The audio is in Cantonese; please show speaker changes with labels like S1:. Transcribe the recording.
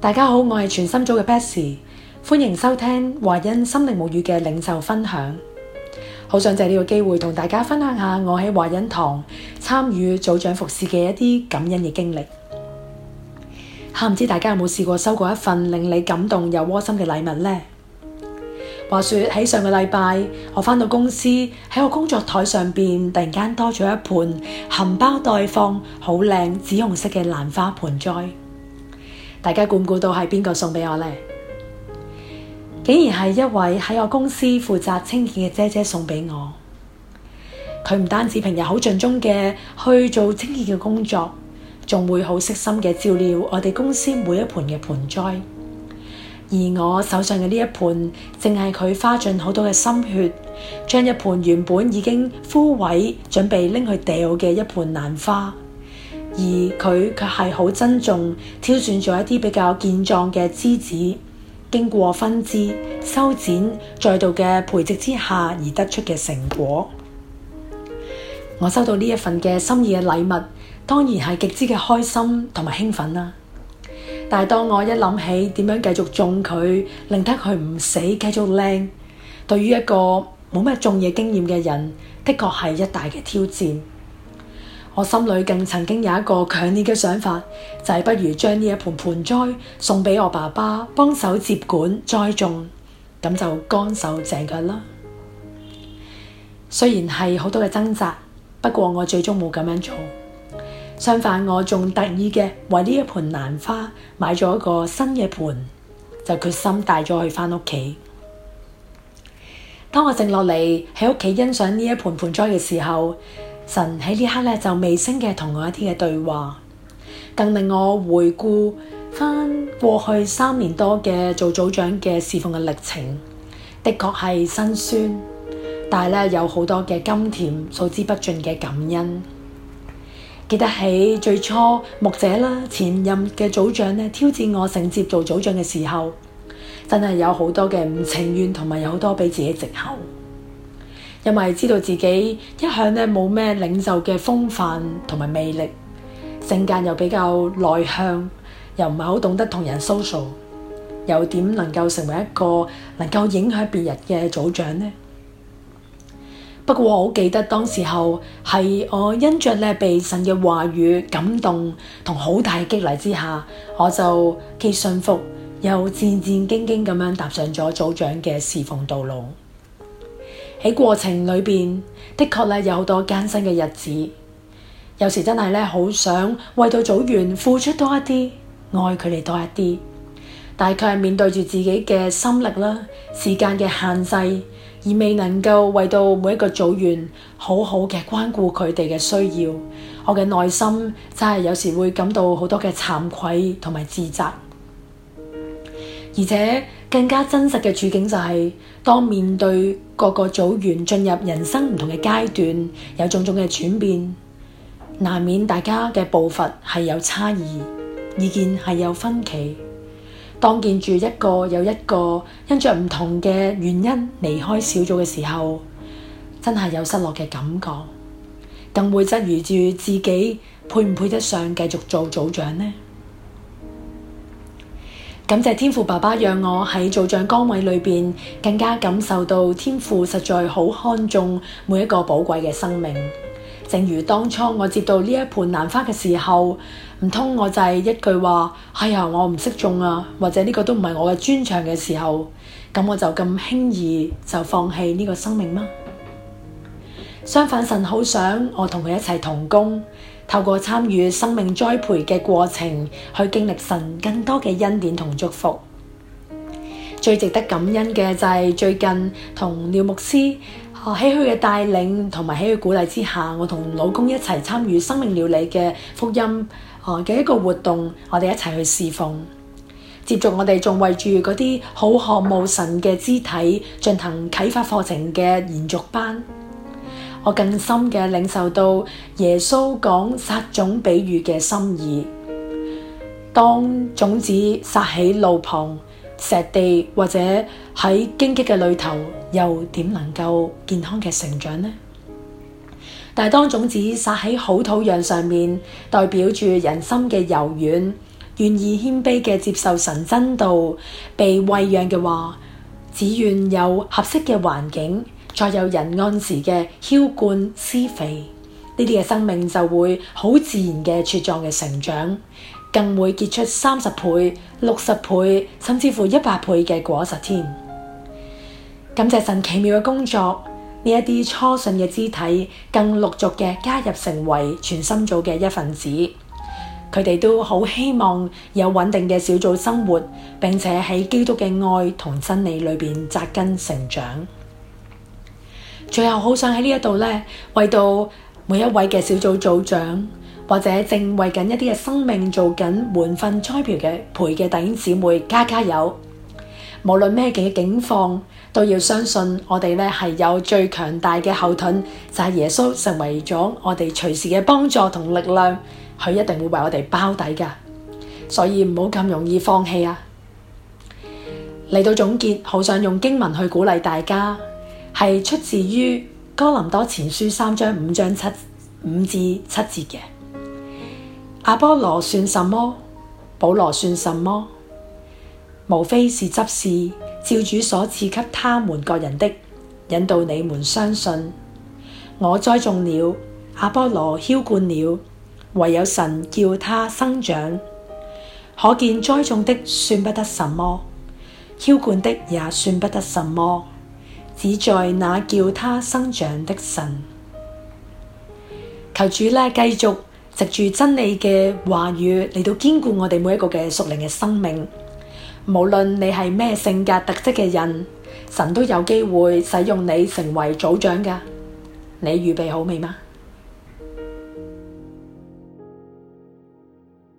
S1: 大家好，我係全心組嘅 Bessie，歡迎收聽華欣「心靈母語」嘅領袖分享。好想借呢個機會同大家分享一下我喺華欣堂參與組長服侍嘅一啲感恩嘅經歷。吓，唔知道大家有冇試過收過一份令你感動又窩心嘅禮物呢？話說喺上個禮拜，我返到公司喺我工作台上邊，突然間多咗一盆含苞待放、好靚紫紅色嘅蘭花盆栽。大家估唔估到係邊個送畀我咧？竟然係一位喺我公司負責清潔嘅姐姐送俾我。佢唔單止平日好盡忠嘅去做清潔嘅工作，仲會好悉心嘅照料我哋公司每一盤嘅盆栽。而我手上嘅呢一盤，正係佢花盡好多嘅心血，將一盆原本已經枯萎，準備拎去掉嘅一盆蘭花。而佢卻係好珍重挑選咗一啲比較健壯嘅枝子，經過分枝、修剪、再度嘅培植之下而得出嘅成果。我收到呢一份嘅心意嘅禮物，當然係極之嘅開心同埋興奮啦，啊。但係當我一諗起點樣繼續種佢，令得佢唔死繼續靚，對於一個冇咩種嘢經驗嘅人，的確係一大嘅挑戰。我心裏更曾經有一個強烈嘅想法，就係、是、不如將呢一盆盆栽送俾我爸爸幫手接管栽種，咁就乾手淨腳啦。雖然係好多嘅掙扎，不過我最終冇咁樣做，相反我仲特意嘅為呢一盆蘭花買咗一個新嘅盆，就決心帶咗佢翻屋企。當我靜落嚟喺屋企欣賞呢一盆盆栽嘅時候，神喺呢刻咧就微聲嘅同我一天嘅對話，更令我回顧翻過去三年多嘅做組長嘅侍奉嘅歷程，的確係辛酸，但係咧有好多嘅甘甜，數之不盡嘅感恩。記得起最初牧者啦、前任嘅組長咧挑戰我承接做組長嘅時候，真係有好多嘅唔情願，同埋有好多俾自己借口。因為知道自己一向咧冇咩領袖嘅風範同埋魅力，性格又比較內向，又唔係好懂得同人 social，又點能夠成為一個能夠影響別人嘅組長呢？不過我好記得當時候係我因着呢被神嘅話語感動同好大嘅激勵之下，我就既信服又戰戰兢兢咁樣踏上咗組長嘅侍奉道路。喺過程裏邊，的確咧有好多艱辛嘅日子，有時真係咧好想為到組員付出多一啲，愛佢哋多一啲，但係佢係面對住自己嘅心力啦、時間嘅限制，而未能夠為到每一個組員好好嘅關顧佢哋嘅需要，我嘅內心真係有時會感到好多嘅慚愧同埋自責，而且。更加真實嘅處境就係，當面對各個組員進入人生唔同嘅階段，有種種嘅轉變，難免大家嘅步伐係有差異，意見係有分歧。當見住一個又一個因着唔同嘅原因離開小組嘅時候，真係有失落嘅感覺，更會質疑住自己配唔配得上繼續做組長呢？感謝天父爸爸讓我喺組長崗位裏邊，更加感受到天父實在好看重每一個寶貴嘅生命。正如當初我接到呢一盆蘭花嘅時候，唔通我就係一句話，哎呀，我唔識種啊，或者呢個都唔係我嘅專長嘅時候，咁我就咁輕易就放棄呢個生命嗎？相反，神好想我同佢一齊同工。透過參與生命栽培嘅過程，去經歷神更多嘅恩典同祝福。最值得感恩嘅就係、是、最近同廖牧師喺佢嘅帶領同埋喺佢鼓勵之下，我同老公一齊參與生命料理嘅福音嘅、呃、一個活動，我哋一齊去侍奉。接住我哋仲為住嗰啲好渴望神嘅肢體進行啟發課程嘅延續班。我更深嘅領受到耶穌講撒種比喻嘅心意。當種子撒喺路旁，石地或者喺荊棘嘅裏頭，又點能夠健康嘅成長呢？但係當種子撒喺好土壤上面，代表住人心嘅柔軟，願意謙卑嘅接受神真道，被餵養嘅話，只願有合適嘅環境。再有人按時嘅澆灌施肥，呢啲嘅生命就會好自然嘅茁壯嘅成長，更會結出三十倍、六十倍，甚至乎一百倍嘅果實添。感謝神奇妙嘅工作，呢一啲初信嘅肢體更陸續嘅加入成為全心組嘅一份子，佢哋都好希望有穩定嘅小組生活，並且喺基督嘅愛同真理裏邊扎根成長。最後好想喺呢一度咧，為到每一位嘅小組組長或者正為緊一啲嘅生命做緊滿份栽培嘅陪嘅弟兄姊妹加加油！無論咩嘅境況，都要相信我哋咧，係有最強大嘅後盾，就係、是、耶穌成為咗我哋隨時嘅幫助同力量，佢一定會為我哋包底㗎。所以唔好咁容易放棄啊！嚟到總結，好想用經文去鼓勵大家。係出自於《哥林多前書》三章五章七五至七節嘅。阿波羅算什麼？保羅算什麼？無非是執事，照主所賜給他們各人的，引導你們相信。我栽種了，阿波羅澆灌了，唯有神叫它生長。可見栽種的算不得什麼，澆灌的也算不得什麼。只在那叫他生長的神，求主咧，繼續藉住真理嘅話語嚟到堅固我哋每一個嘅屬靈嘅生命。無論你係咩性格特質嘅人，神都有機會使用你成為組長噶。你預備好未嗎？